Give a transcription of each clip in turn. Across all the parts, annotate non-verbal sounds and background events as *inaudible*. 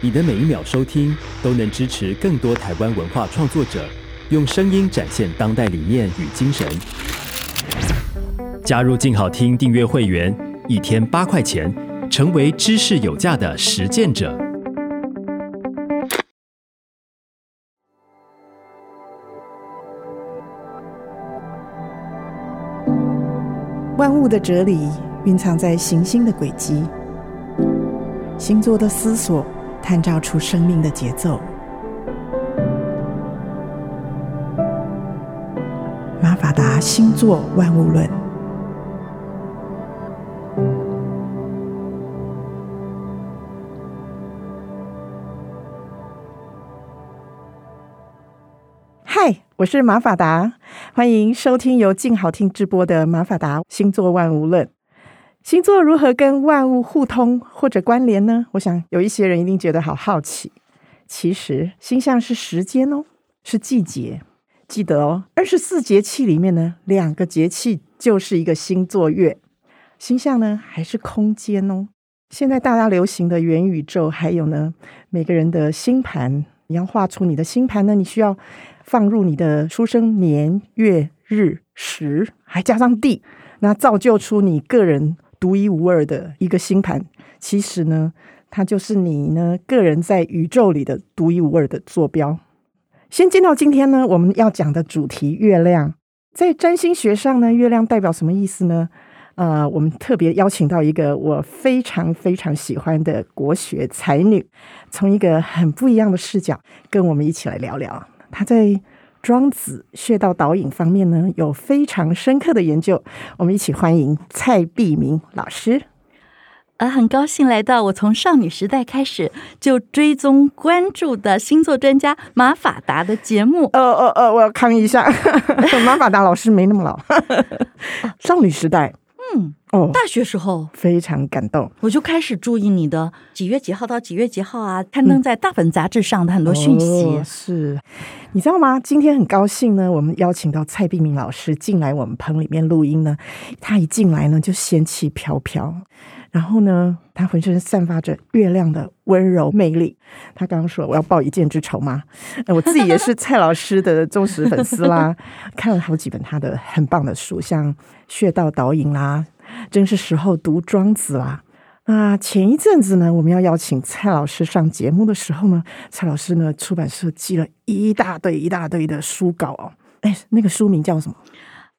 你的每一秒收聽，都能支持更多台灣文化創作者，用聲音展現當代理念與精神。加入靜好聽訂閱會員，一天八塊錢，成為知識有價的實踐者。萬物的哲理蘊藏在行星的軌跡、星座的思索。探照出生命的節奏，《馬法達星座萬物論》。嗨，我是馬法達，歡迎收聽由靜好聽直播的《馬法達星座萬物論》。星座如何跟萬物互通或者關聯呢？我想有一些人一定覺得好好奇。其實星象是時間哦，是季節。記得哦，二十四節氣裡面呢，兩個節氣就是一個星座月。星象呢還是空間哦。現在大家流行的元宇宙，還有呢每個人的星盤，你要畫出你的星盤呢，你需要放入你的出生年月日時，還加上地，那造就出你個人，獨一無二的一個星盤，其實呢，它就是你呢個人在宇宙裡的獨一無二的坐標。先進到今天呢，我們要講的主題——月亮，在占星學上呢，月亮代表什麼意思呢？啊、呃，我們特別邀請到一個我非常非常喜歡的國學才女，從一個很不一樣的視角跟我們一起來聊聊。她在。莊子穴道導引方面呢，有非常深刻的研究。我們一起歡迎蔡璧名老師。呃，很高興來到我從少女時代開始就追蹤關注的星座專家瑪法達的節目。呃呃呃，我要抗議一下，瑪 *laughs* 法達老師沒那麼老， *laughs* *laughs* 啊、少女時代。嗯，哦、大學時候非常感動，我就開始注意你的幾月幾號到幾月幾號啊，刊登在大本雜誌上的很多訊息、哦。是，你知道嗎？今天很高興呢，我們邀請到蔡璧名老師進來我們棚裡面錄音呢，他一進來呢就仙氣飄飄。然後呢，他渾身散發着月亮的溫柔魅力。他剛剛說我要報一箭之仇嗎？那我自己也是蔡老師的忠實粉絲啦， *laughs* 看了好幾本他的很棒的書，像《穴道導引》啦，正是時候讀《莊子》啦。那前一陣子呢，我們要邀請蔡老師上節目的時候呢，蔡老師呢，出版社寄了一大堆、一大堆的書稿哦。哎，那個書名叫什麼？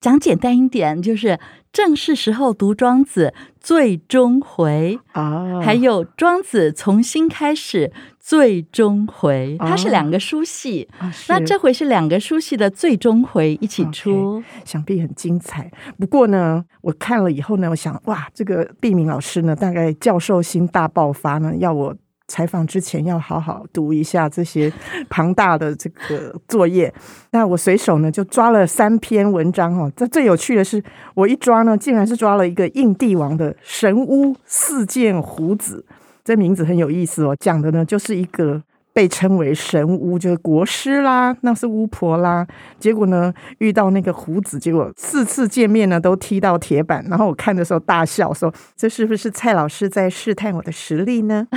講簡單一點，就是正是時候讀《莊子》最終回啊，哦、還有《莊子》重新開始最終回，它、哦、是兩個書系。哦、那這回是兩個書系的最終回一起出，Okay, 想必很精彩。不過呢，我看了以後呢，我想哇，這個璧名老師呢，大概教授心大爆發呢，要我。採訪之前要好好讀一下這些龐大的這個作業。那我隨手呢就抓了三篇文章哦。這最有趣的是，我一抓呢，竟然是抓了一個印帝王的神巫，四劍胡子。這名字很有意思哦，講的呢就是一個。被稱為神巫，就是國師啦，那是巫婆啦。結果呢，遇到那個鬍子，結果四次見面呢都踢到鐵板。然後我看的時候大笑，說這是不是蔡老師在試探我的實力呢？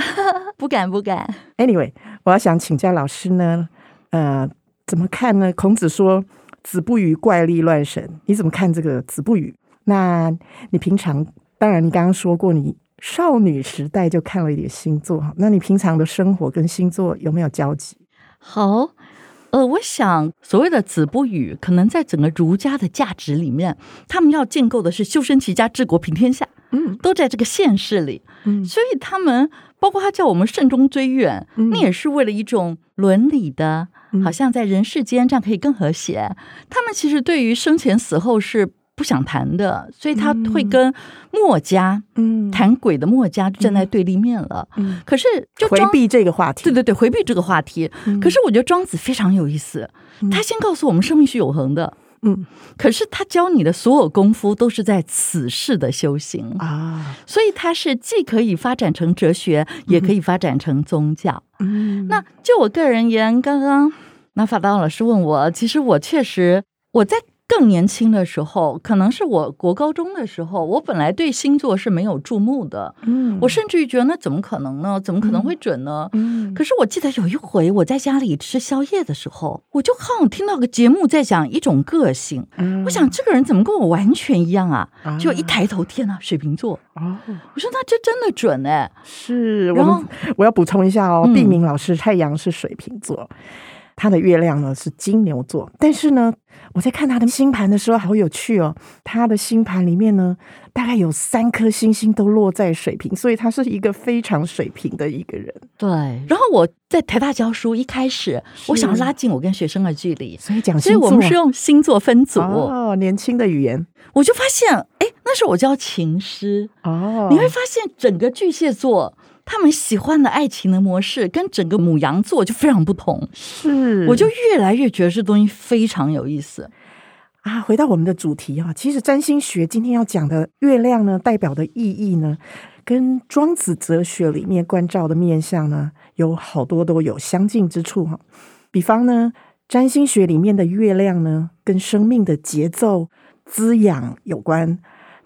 不敢 *laughs* 不敢。不敢 Anyway，我要想請教老師呢，呃，怎麼看呢？孔子說“子不語怪力亂神”，你怎麼看這個“子不語”？那你平常，當然你剛剛說過你。少女時代就看了一點星座哈，那你平常的生活跟星座有沒有交集？好，呃，我想所謂的“子不語”，可能在整個儒家的價值裡面，他們要建構的是修身齊家治國平天下，嗯，都在這個現世裡，嗯，所以他們包括他叫我們慎終追遠，嗯，那也是為了一種倫理的，好像在人世間這樣可以更和諧。嗯，他們其實對於生前死後是。不想談的，所以他會跟墨家，嗯，談鬼的墨家站在對立面了。嗯，嗯，可是就回避這個話題，對對對，回避這個話題。嗯、可是我覺得莊子非常有意思，嗯、他先告訴我們生命是永恆的，嗯，可是他教你的所有功夫都是在此世的修行啊，所以他是既可以發展成哲學，嗯、也可以發展成宗教。嗯，那就我個人而言，剛剛瑪法達老師問我，其實我確實我在。更年輕的時候，可能是我國高中的時候，我本來對星座是沒有注目的。嗯，我甚至於覺得，那怎麼可能呢？怎麼可能會準呢？嗯、可是我記得有一回，我在家裡吃宵夜的時候，我就好像聽到個節目在講一種個性。嗯、我想這個人怎麼跟我完全一樣啊？嗯、就一抬頭，天吶、啊，水瓶座。啊、哦！我說那這真的準哎！是，然後我，我要補充一下哦，嗯、璧名老師太陽是水瓶座。他的月亮呢是金牛座，但是呢，我在看他的星盤的時候，好有趣哦。他的星盤裡面呢，大概有三顆星星都落在水瓶，所以他是一個非常水平的一個人。對。然後我在台大教書，一開始是我想要拉近我跟學生的距離，所以講星座，所以我們是用星座分組哦，年輕的語言。我就發現，哎，那時候我教情詩哦，你會發現整個巨蟹座。他們喜歡的愛情的模式跟整個牡羊座就非常不同，是，我就越來越覺得這東西非常有意思啊！回到我們的主題哈，其實占星學今天要講的月亮呢，代表的意義呢，跟莊子哲學裡面觀照的面向呢，有好多都有相近之處哈。比方呢，占星學裡面的月亮呢，跟生命的節奏滋養有關，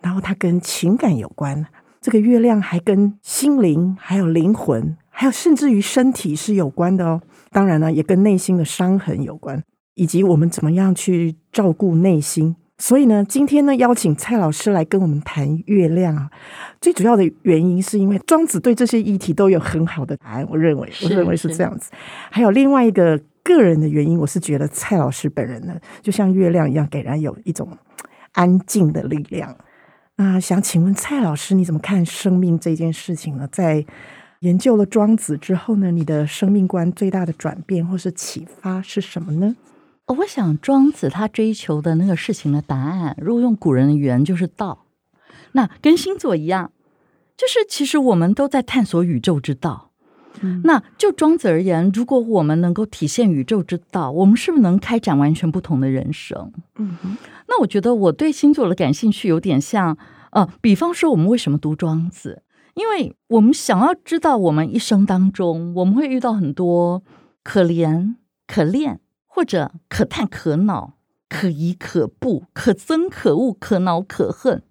然後它跟情感有關。這個月亮還跟心靈、還有靈魂、還有甚至於身體是有關的哦。當然呢，也跟內心的傷痕有關，以及我們怎麼樣去照顧內心。所以呢，今天呢，邀請蔡老師來跟我們談月亮啊，最主要的原因是因為莊子對這些議題都有很好的答案。我認為，我認為是這樣子。還有另外一個個人的原因，我是覺得蔡老師本人呢，就像月亮一樣，給人有一種安靜的力量。那想請問蔡老師，你怎麼看生命這件事情呢？在研究了莊子之後呢，你的生命觀最大的轉變或是啟發是什麼呢？哦，我想，莊子他追求的那個事情的答案，如果用古人的語言就是道。那跟星座一樣，就是其實我們都在探索宇宙之道。 *noise* 那就莊子而言，如果我們能夠體現宇宙之道，我們是不是能開展完全不同的人生？嗯哼， *noise* 那我覺得我對星座的感興趣有點像，呃，比方說我們為什麼讀莊子，因為我們想要知道我們一生當中我們會遇到很多可憐可戀或者可嘆可惱可疑可怖可憎可惡可惱可恨，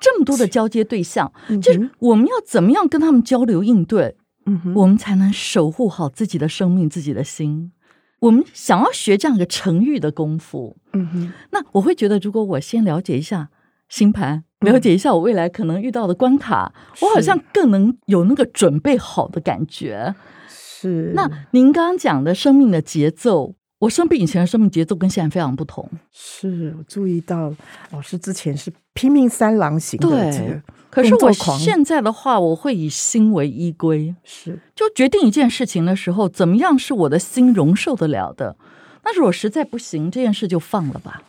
這麼多的交接對象， *noise* 就是我們要怎麼樣跟他們交流應對？嗯，mm hmm. 我們才能守護好自己的生命、自己的心。我們想要學這樣一個成語的功夫，嗯哼、mm。Hmm. 那我會覺得，如果我先了解一下星盤，了解一下我未來可能遇到的關卡，mm hmm. 我好像更能有那個準備好的感覺。是、mm。Hmm. 那您剛剛講的生命的節奏。我生病以前的生命節奏跟現在非常不同。是，我注意到老師之前是拼命三郎型的對。可是我現在的話，我會以心為依歸。是，就決定一件事情的時候，怎麼樣是我的心容受得了的？那如果實在不行，這件事就放了吧。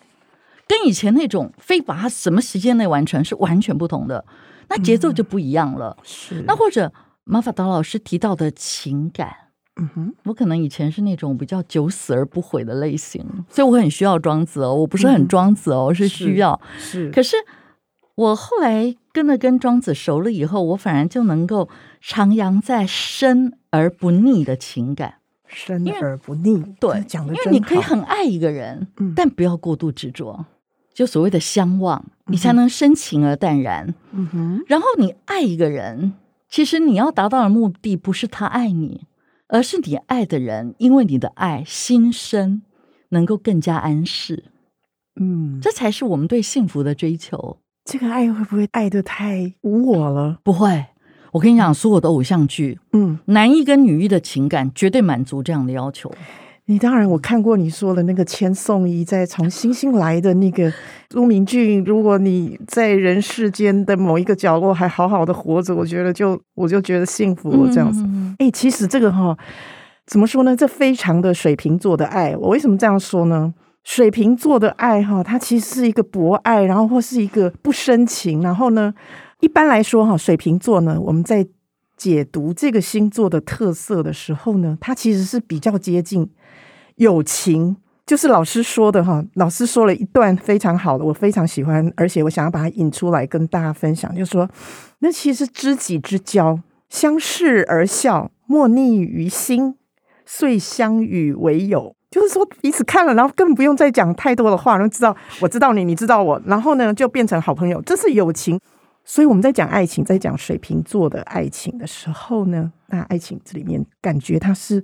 跟以前那種非把它什麼時間內完成是完全不同的，那節奏就不一樣了。嗯、是，那或者瑪法達老師提到的情感。嗯哼，mm hmm. 我可能以前是那種比較九死而不悔的類型，所以我很需要莊子哦。我不是很莊子哦，mm hmm. 是需要。是，是可是我後來跟了跟莊子熟了以後，我反而就能夠徜徉在深而不膩的情感，深而不膩。為對，講的真好。因為你可以很愛一個人，mm hmm. 但不要過度執着，就所謂的相忘，你才能深情而淡然。嗯哼、mm，hmm. 然後你愛一個人，其實你要達到的目的不是他愛你。而是你愛的人，因為你的愛，心身能夠更加安適。嗯，這才是我們對幸福的追求。這個愛會不會愛得太無我了？不會，我跟你講，所有的偶像劇，嗯，男一跟女一的情感絕對滿足這樣的要求。你當然，我看過你說的那個《千頌伊在從星星來的》那個朱明俊。如果你在人世間的某一個角落還好好的活着，我覺得就我就覺得幸福了這樣子。誒、嗯嗯嗯欸，其實這個哈，怎麼說呢？這非常的水瓶座的愛。我為什麼這樣說呢？水瓶座的愛哈，它其實是一個博愛，然後或是一個不深情。然後呢，一般來說哈，水瓶座呢，我們在。解讀這個星座的特色的時候呢，它其實是比較接近友情。就是老師說的哈，老師說了一段非常好的，我非常喜歡，而且我想要把它引出來跟大家分享，就是說，那其實知己之交，相視而笑，莫逆於心，遂相與為友，就是說彼此看了，然後根本不用再講太多的話，然後知道我知道你，你知道我，然後呢就變成好朋友，這是友情。所以我們在講愛情，在講水瓶座的愛情的時候呢，那愛情這裡面感覺它是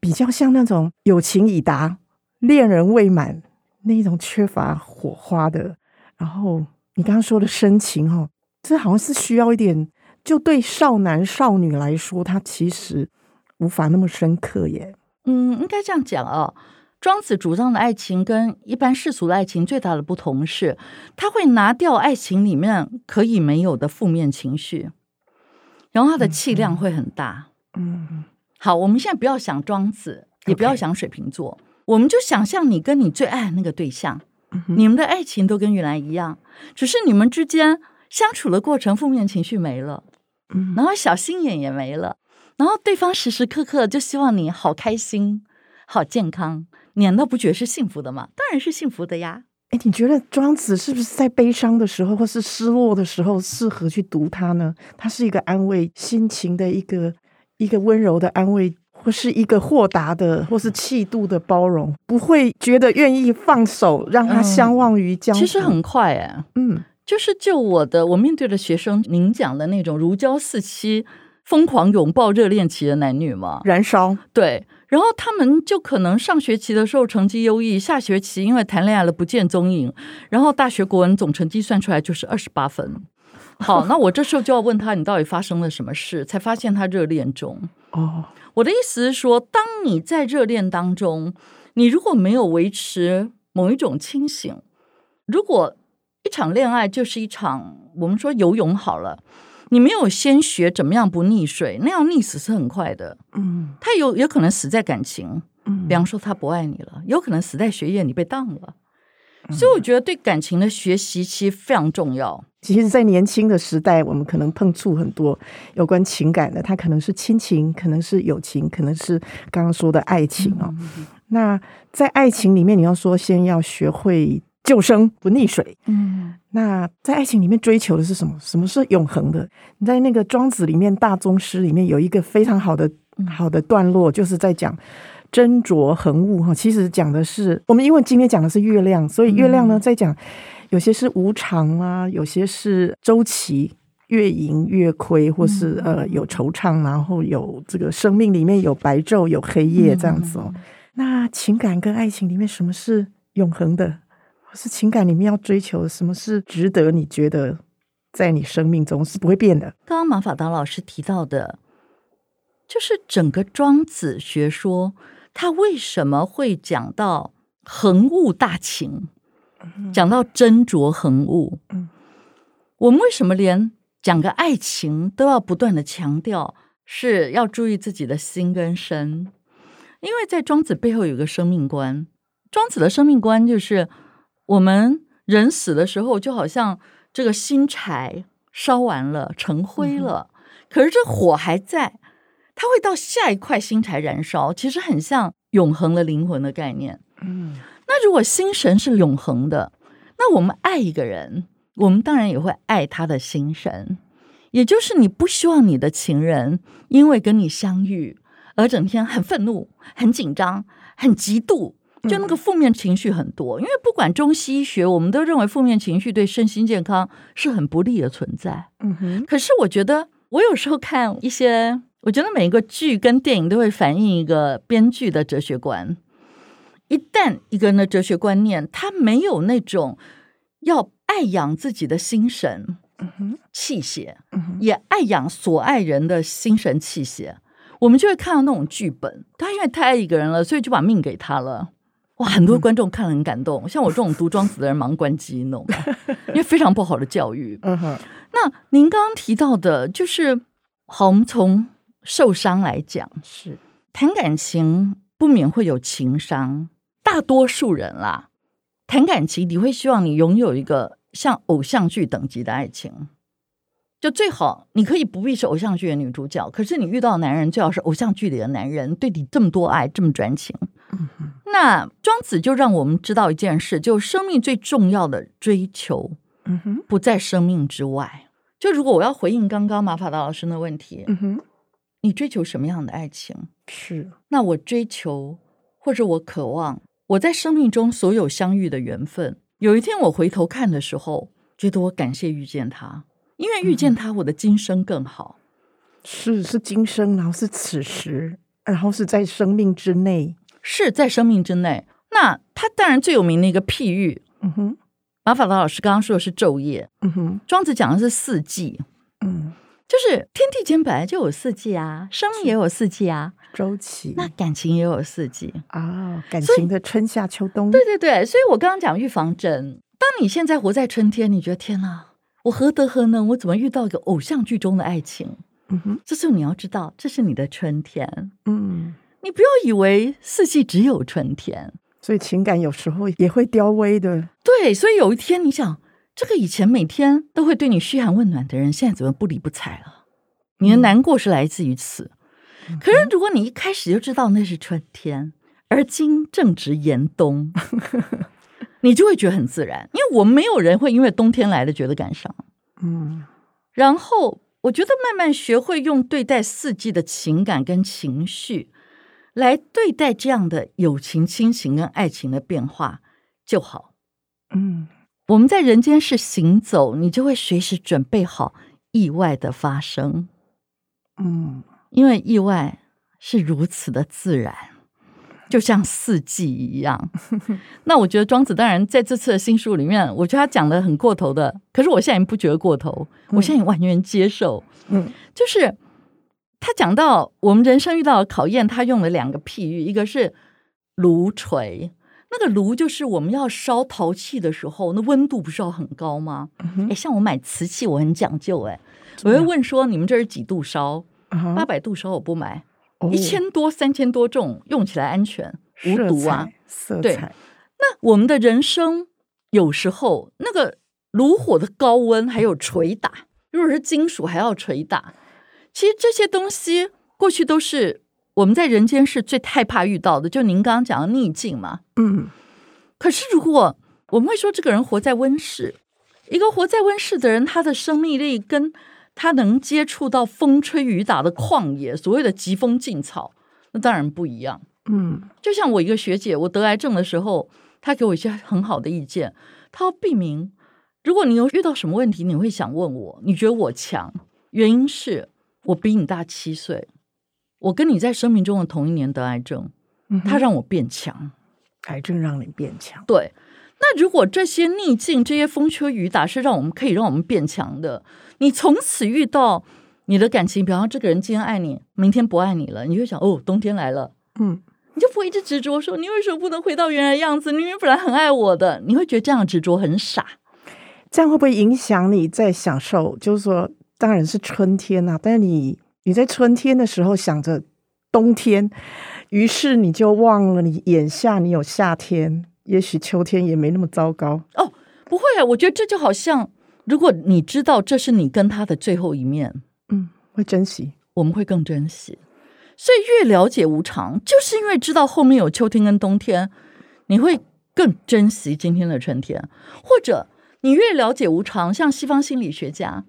比較像那種友情已達，戀人未滿，那種缺乏火花的。然後你剛剛說的深情哈、哦，這好像是需要一點，就對少男少女來說，他其實無法那麼深刻耶。嗯，應該這樣講哦。莊子主張的愛情跟一般世俗的愛情最大的不同是，他會拿掉愛情裡面可以沒有的負面情緒，然後他的氣量會很大。嗯、mm，hmm. 好，我們現在不要想莊子，也不要想水瓶座，Okay. 我們就想象你跟你最愛的那個對象，mm hmm. 你們的愛情都跟原來一樣，只是你們之間相處的過程負面情緒沒了，mm hmm. 然後小心眼也沒了，然後對方時時刻刻就希望你好開心、好健康。你難道不覺得是幸福的嗎？當然是幸福的呀！哎，你覺得莊子是不是在悲傷的時候或是失落的時候適合去讀它呢？它是一個安慰心情的一個一個溫柔的安慰，或是一個豁達的，或是氣度的包容，不會覺得願意放手讓他相忘於江湖。嗯、其實很快誒、欸，嗯，就是就我的，我面對的學生，您講的那種如膠似漆、瘋狂擁抱、熱戀期的男女嘛，燃燒，對。然後他們就可能上學期的時候成績優異，下學期因為談戀愛了不見蹤影，然後大學國文總成績算出來就是二十八分。好，那我這時候就要問他，你到底發生了什麼事？才發現他熱戀中哦。Oh. 我的意思是說，當你在熱戀當中，你如果沒有維持某一種清醒，如果一場戀愛就是一場我們說游泳好了。你沒有先學怎麼樣不溺水，那樣溺死是很快的。嗯，他有有可能死在感情，嗯，比方說他不愛你了，有可能死在學業，你被當了。嗯。所以我覺得對感情的學習其實非常重要。其實在年輕的時代，我們可能碰觸很多有關情感的，他可能是親情，可能是友情，可能是剛剛說的愛情哦。嗯嗯嗯。那在愛情裡面，你要說先要學會。救生不溺水。嗯，那在愛情裡面追求的是什麼？什麼是永恆的？你在那個《莊子》裡面大宗師裡面有一個非常好的、嗯、好的段落，就是在講斟酌恆物哈。其實講的是我們因為今天講的是月亮，所以月亮呢、嗯、在講有些是無常啊，有些是週期，月盈月虧，或是呃有惆悵，然後有這個生命裡面有白晝有黑夜這樣子哦。嗯嗯，那情感跟愛情裡面什麼是永恆的？是情感裡面要追求的什麼是值得？你覺得在你生命中是不會變的。剛剛瑪法達老師提到的，就是整個莊子學說，他為什麼會講到恆物大情，講到斟酌恆物？嗯，我們為什麼連講個愛情都要不斷的強調是要注意自己的心跟身？因為在莊子背後有個生命觀，莊子的生命觀就是。我們人死的時候，就好像這個薪柴燒完了，成灰了。嗯、哼可是這火還在，它會到下一塊薪柴燃燒。其實很像永恆的靈魂的概念。嗯，那如果心神是永恆的，那我們愛一個人，我們當然也會愛他的心神。也就是你不希望你的情人因為跟你相遇而整天很憤怒、很緊張、很嫉妒。就那個負面情緒很多，mm hmm. 因為不管中西醫學，我們都認為負面情緒對身心健康是很不利的存在。嗯哼、mm。Hmm. 可是我覺得，我有時候看一些，我覺得每一個劇跟電影都會反映一個編劇的哲學觀。一旦一個人的哲學觀念，他沒有那種要愛養自己的心神、mm hmm. 氣血，mm hmm. 也愛養所愛人的心神氣血，我們就會看到那種劇本。他因為太愛一個人了，所以就把命給他了。哇，很多觀眾看了很感動。像我這種讀莊子的人，忙關機弄， *laughs* 因為非常不好的教育。 *laughs* 那您剛剛提到的，就是我們從受傷來講，是的談感情不免會有情傷。大多數人啦，談感情，你會希望你擁有一個像偶像劇等級的愛情，就最好你可以不必是偶像劇的女主角。可是你遇到的男人，最好是偶像劇裡的男人，對你這麼多愛，這麼專情。那莊子就讓我們知道一件事，就生命最重要的追求，嗯哼，不在生命之外。就如果我要回應剛剛馬法達老師的問題，嗯哼，你追求什麼樣的愛情？是，那我追求或者我渴望，我在生命中所有相遇的緣分，有一天我回頭看的時候，覺得我感謝遇見他，因為遇見他，我的今生更好。嗯、是是今生，然後是此時，然後是在生命之內。是在生命之內，那他當然最有名的一個譬喻，嗯哼，瑪法達老、老師剛剛說的是晝夜。嗯哼，莊子講的是四季。嗯，就是天地間本來就有四季啊，生命也有四季啊，週期。那感情也有四季啊，哦，感情的春夏秋冬。對對對，所以我剛剛講預防針。當你現在活在春天，你覺得天哪，我何德何能，我怎麼遇到一個偶像劇中的愛情？嗯哼，這時候你要知道，這是你的春天。嗯。你不要以為四季只有春天，所以情感有時候也會凋萎的。對，所以有一天你想，這個以前每天都會對你噓寒問暖的人，現在怎麼不理不睬了，啊？你的難過是來自於此。嗯、可是如果你一開始就知道那是春天，嗯、而今正值嚴冬， *laughs* 你就會覺得很自然，因為我們沒有人會因為冬天來的覺得感傷。嗯，然後我覺得慢慢學會用對待四季的情感跟情緒。來對待這樣的友情、親情跟愛情的變化就好。嗯，我們在人間是行走，你就會隨時準備好意外的發生。嗯，因為意外是如此的自然，就像四季一樣。 *laughs* 那我覺得莊子當然在這次的新書裡面，我覺得他講得很過頭的，可是我現在也不覺得過頭，嗯、我現在也完全接受。嗯，就是。他講到我們人生遇到的考驗，他用了兩個譬喻，一個是爐錘。那個爐就是我們要燒陶器的時候，那溫度不是要很高嗎？哎、嗯哼，像我買瓷器，我很講究、欸。哎樣，我會問說你們這是幾度燒？八百、嗯、哼度燒我不買，一千、哦、多三千多種用起來安全，無毒啊。色彩，色彩對，那我們的人生有時候那個爐火的高溫，還有捶打，如果是金屬還要捶打。其實這些東西過去都是我們在人間是最害怕遇到的，就您剛剛講的逆境嘛。嗯。可是如果我們會說，這個人活在溫室，一個活在溫室的人，他的生命力跟他能接觸到風吹雨打的曠野，所謂的疾風勁草，那當然不一樣。嗯。就像我一個學姐，我得癌症的時候，她給我一些很好的意見。她要避免，如果你有遇到什麼問題，你會想問我，你覺得我強？原因是。我比你大七歲，我跟你在生命中的同一年得癌症，嗯、哼它讓我變強。癌症讓你變強，對。那如果這些逆境、這些風吹雨打是讓我們可以讓我們變強的，你從此遇到你的感情，比方說這個人今天愛你，明天不愛你了，你就想哦，冬天來了，嗯，你就不會一直執着說你為什麼不能回到原來的樣子？你明明本來很愛我的，你會覺得這樣執着很傻。這樣會不會影響你在享受？就是說。當然是春天啊，但你你在春天的時候想着冬天，於是你就忘了你眼下你有夏天，也許秋天也沒那麼糟糕哦。不會啊，我覺得這就好像如果你知道這是你跟他的最後一面，嗯，會珍惜，我們會更珍惜。所以越了解無常，就是因為知道後面有秋天跟冬天，你會更珍惜今天的春天，或者你越了解無常，像西方心理學家。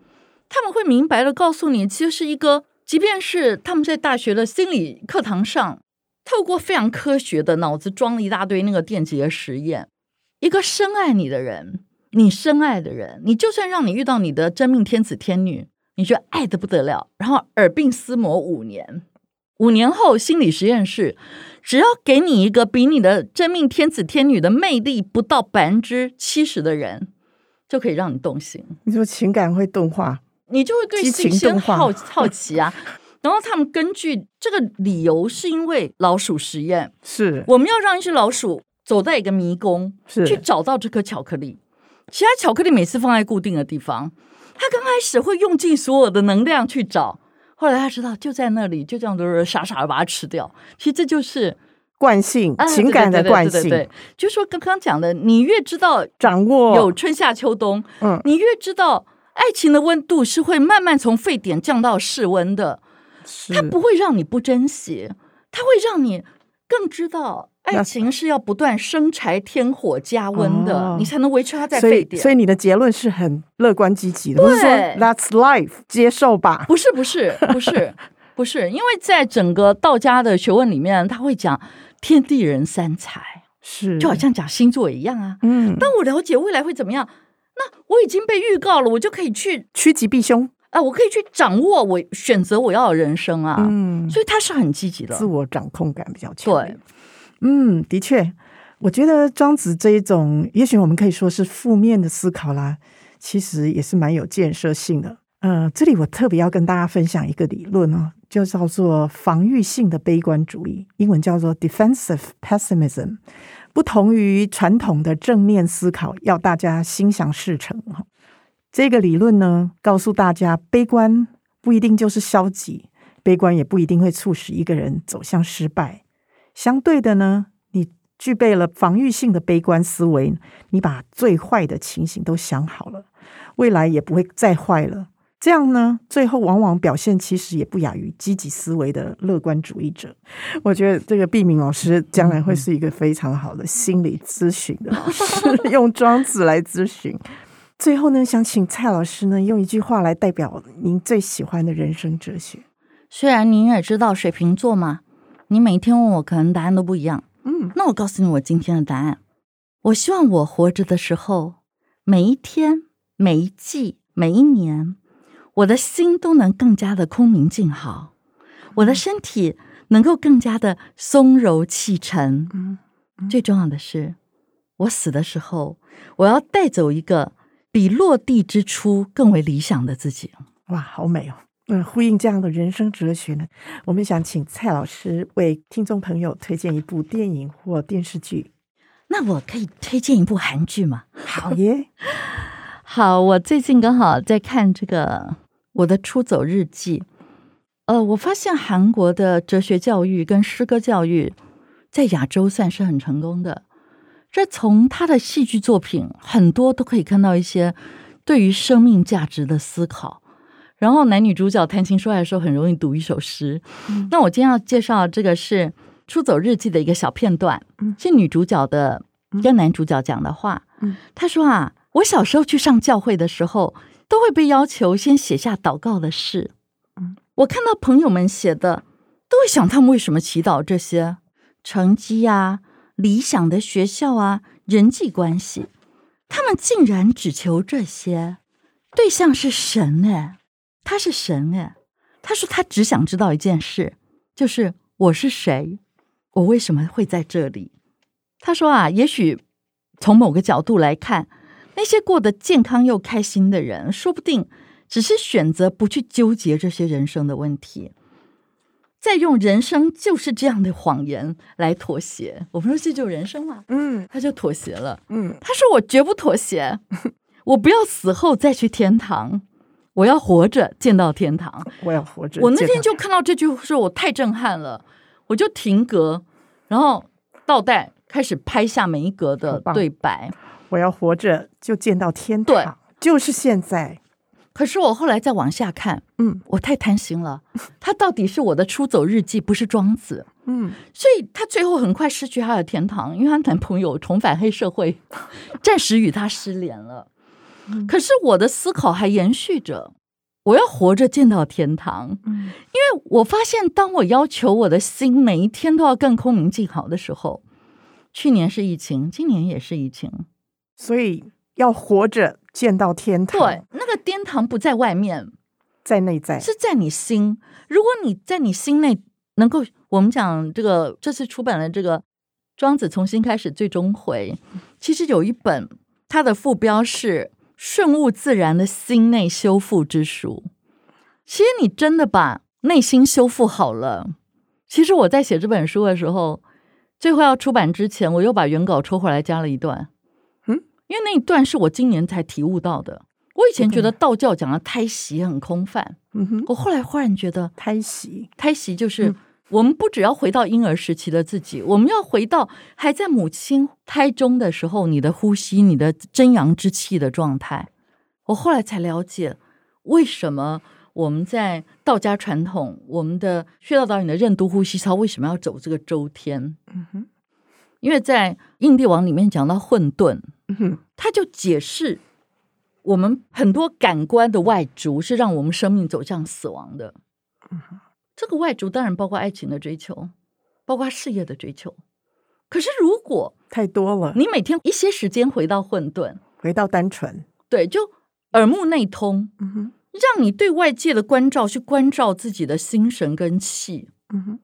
他們會明白的告訴你，其實是一個，即便是他們在大學的心理課堂上，透過非常科學的腦子裝了一大堆那個電解的實驗，一個深愛你的人，你深愛的人，你就算讓你遇到你的真命天子天女，你就愛得不得了，然後耳鬢厮磨五年，五年後心理實驗室只要給你一個比你的真命天子天女的魅力不到百分之七十的人，就可以讓你動心。你說情感會鈍化。你就會對新鮮好好奇啊，然後他們根據這個理由，是因為老鼠實驗是，我們要讓一只老鼠走在一個迷宮，是去找到這顆巧克力，其他巧克力每次放在固定的地方，它剛開始會用盡所有的能量去找，後來他知道就在那裡，就這樣都是傻傻的把它吃掉。其實這就是慣性，情感的慣性。對，就是說剛剛講的，你越知道掌握有春夏秋冬，嗯，你越知道。愛情的溫度是會慢慢從沸點降到室溫的，是它不會讓你不珍惜，它會讓你更知道愛情是要不斷生柴添火加溫的，哦、你才能維持它在沸點。所以，所以你的結論是很樂觀積極的。對，That's life，接受吧。不是，不是，不是，不是，不是，因為在整個道家的學問裡面，他會講天地人三才，是，就好像講星座一樣啊。嗯，但我了解未來會怎麼樣。啊、我已經被預告了，我就可以去趨吉避凶啊！我可以去掌握我選擇我要的人生啊！嗯，所以他是很積極的，自我掌控感比較強。對，嗯，的確，我覺得莊子這一種，也許我們可以說是負面的思考啦，其實也是蠻有建設性的。呃，這裡我特別要跟大家分享一個理論哦，就叫做防禦性的悲觀主義，英文叫做 defensive pessimism。不同於傳統的正面思考，要大家心想事成哈。這個理論呢，告訴大家，悲觀不一定就是消極，悲觀也不一定會促使一個人走向失敗。相對的呢，你具備了防禦性的悲觀思維，你把最壞的情形都想好了，未來也不會再壞了。這樣呢，最後往往表現其實也不亞於積極思維的樂觀主義者。我覺得這個璧名老師將來會是一個非常好的心理諮詢的老師，嗯、用莊子來諮詢。 *laughs* 最後呢，想請蔡老師呢，用一句話來代表您最喜歡的人生哲學。雖然您也知道水瓶座嘛，你每一天問我，可能答案都不一樣。嗯，那我告訴你我今天的答案：我希望我活着的時候，每一天、每一季、每一年。我的心都能更加的空明靜好，嗯、我的身體能夠更加的鬆柔氣沉。嗯嗯、最重要的是，我死的時候，我要帶走一個比落地之初更為理想的自己。哇，好美哦！嗯，呼應這樣的人生哲學呢，我們想請蔡老師為聽眾朋友推薦一部電影或電視劇。那我可以推薦一部韓劇嗎？好耶！ *laughs* 好，我最近剛好在看這個《我的出走日記》。呃，我發現韓國的哲學教育跟詩歌教育在亞洲算是很成功的。這從他的戲劇作品很多都可以看到一些對於生命價值的思考。然後男女主角談情說愛的時候，很容易讀一首詩。嗯、那我今天要介紹的這個是《出走日記》的一個小片段，嗯、是女主角的跟男主角講的話。她、嗯、說啊。我小時候去上教會的時候，都會被要求先寫下禱告的事。嗯，我看到朋友們寫的，都會想他們為什麼祈禱，這些成績啊、理想的學校啊、人際關係，他們竟然只求這些。對象是神誒，他是神誒，他說他只想知道一件事，就是我是誰，我為什麼會在這裡。他說啊，也許從某個角度來看。那些過得健康又開心的人，說不定只是選擇不去糾結這些人生的問題，再用“人生就是這樣的”謊言來妥協。我不說這就人生嘛，嗯，他就妥協了，嗯，他說我絕不妥協，我不要死後再去天堂，我要活着見到天堂，我要活着。我那天就看到這句說，說我太震撼了，我就停格，然後倒帶。開始拍下每一格的對白。我要活着，就見到天堂，對就是現在。可是我後來再往下看，嗯，我太貪心了。他到底是我的出走日記，不是莊子，嗯，所以他最後很快失去他的天堂，因為他男朋友重返黑社會，暫時與他失聯了。嗯、可是我的思考還延續着，我要活着見到天堂，嗯，因為我發現，當我要求我的心每一天都要更空明靜好的時候。去年是疫情，今年也是疫情，所以要活着見到天堂。對，那個天堂不在外面，在內在，是在你心。如果你在你心內能夠，我們講這個這次出版了這個《莊子》從心開始最終回，其實有一本它的副標是“順物自然的心內修復之書”。其實你真的把內心修復好了。其實我在寫這本書的時候。最後要出版之前，我又把原稿抽回來加了一段，嗯，因為那一段是我今年才體悟到的。我以前覺得道教講的胎息很空泛，嗯哼，我後來忽然覺得胎息，胎息就是我們不只要回到嬰兒時期的自己，嗯、我們要回到還在母親胎中的時候，你的呼吸、你的真陽之氣的狀態。我後來才了解為什麼。我們在道家傳統，我們的穴道導引的任督呼吸操為什麼要走這個周天？嗯、哼因為在《應帝王》裡面講到混沌。他、嗯、哼就解釋我們很多感官的外逐是讓我們生命走向死亡的，嗯、哼這個外逐當然包括愛情的追求，包括事業的追求。可是如果太多了，你每天一些時間回到混沌，回到單純，對，就耳目內通。嗯讓你對外界的關照去關照自己的心神跟氣，嗯哼，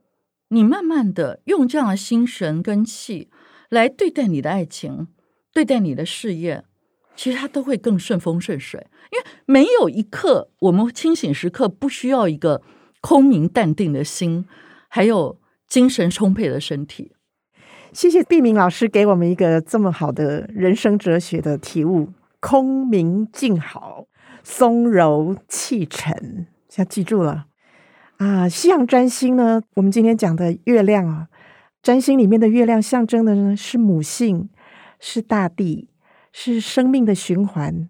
你慢慢的用這樣的心神跟氣來對待你的愛情，對待你的事業，其實它都會更順風順水。因為沒有一刻我們清醒時刻不需要一個空明淡定的心，還有精神充沛的身體。謝謝璧名老師給我們一個這麼好的人生哲學的體悟，空明靜好。鬆柔氣沉，要記住了啊！西洋占星呢，我們今天講的月亮啊，占星裡面的月亮象徵的呢是母性，是大地，是生命的循環，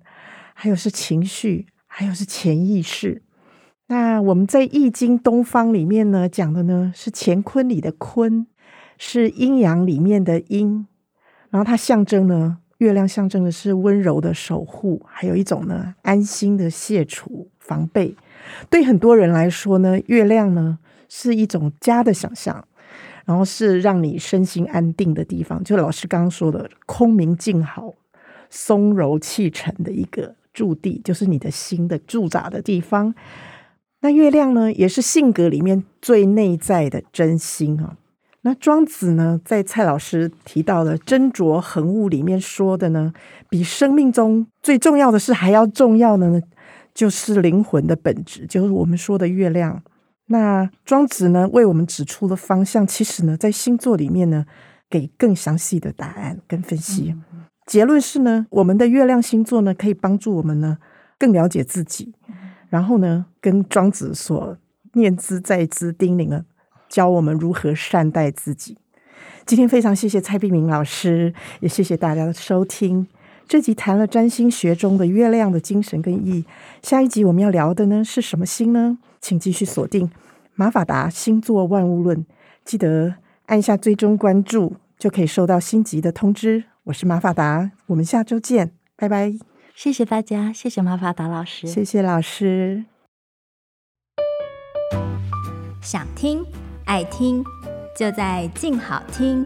還有是情緒，還有是潛意識。那我們在易經東方裡面呢講的呢是乾坤裡的坤，是陰陽裡面的陰，然後它象徵呢。月亮象徵的是溫柔的守護，還有一種呢，安心的卸除防備。對很多人來說呢，月亮呢是一種家的想象，然後是讓你身心安定的地方。就老師剛剛說的“空明靜好、鬆柔氣沉”的一個駐地，就是你的心的駐紮的地方。那月亮呢，也是性格裡面最內在的真心啊。那莊子呢，在蔡老師提到的“斟酌恆物”裡面說的呢，比生命中最重要的事還要重要呢，就是靈魂的本質，就是我們說的月亮。那莊子呢，為我們指出的方向。其實呢，在星座裡面呢，給更詳細的答案跟分析。嗯嗯結論是呢，我們的月亮星座呢，可以幫助我們呢，更了解自己。然後呢，跟莊子所“念茲在茲”叮嚀了。教我們如何善待自己。今天非常謝謝蔡璧名老師，也謝謝大家的收聽。這集談了占星學中的月亮的精神跟意義。下一集我們要聊的呢是什麼星呢？請繼續鎖定瑪法達星座萬物論。記得按下追蹤關注，就可以收到新集的通知。我是瑪法達，我們下周見，拜拜。謝謝大家，謝謝瑪法達老師，謝謝老師。想聽。愛聽，就在鏡好聽。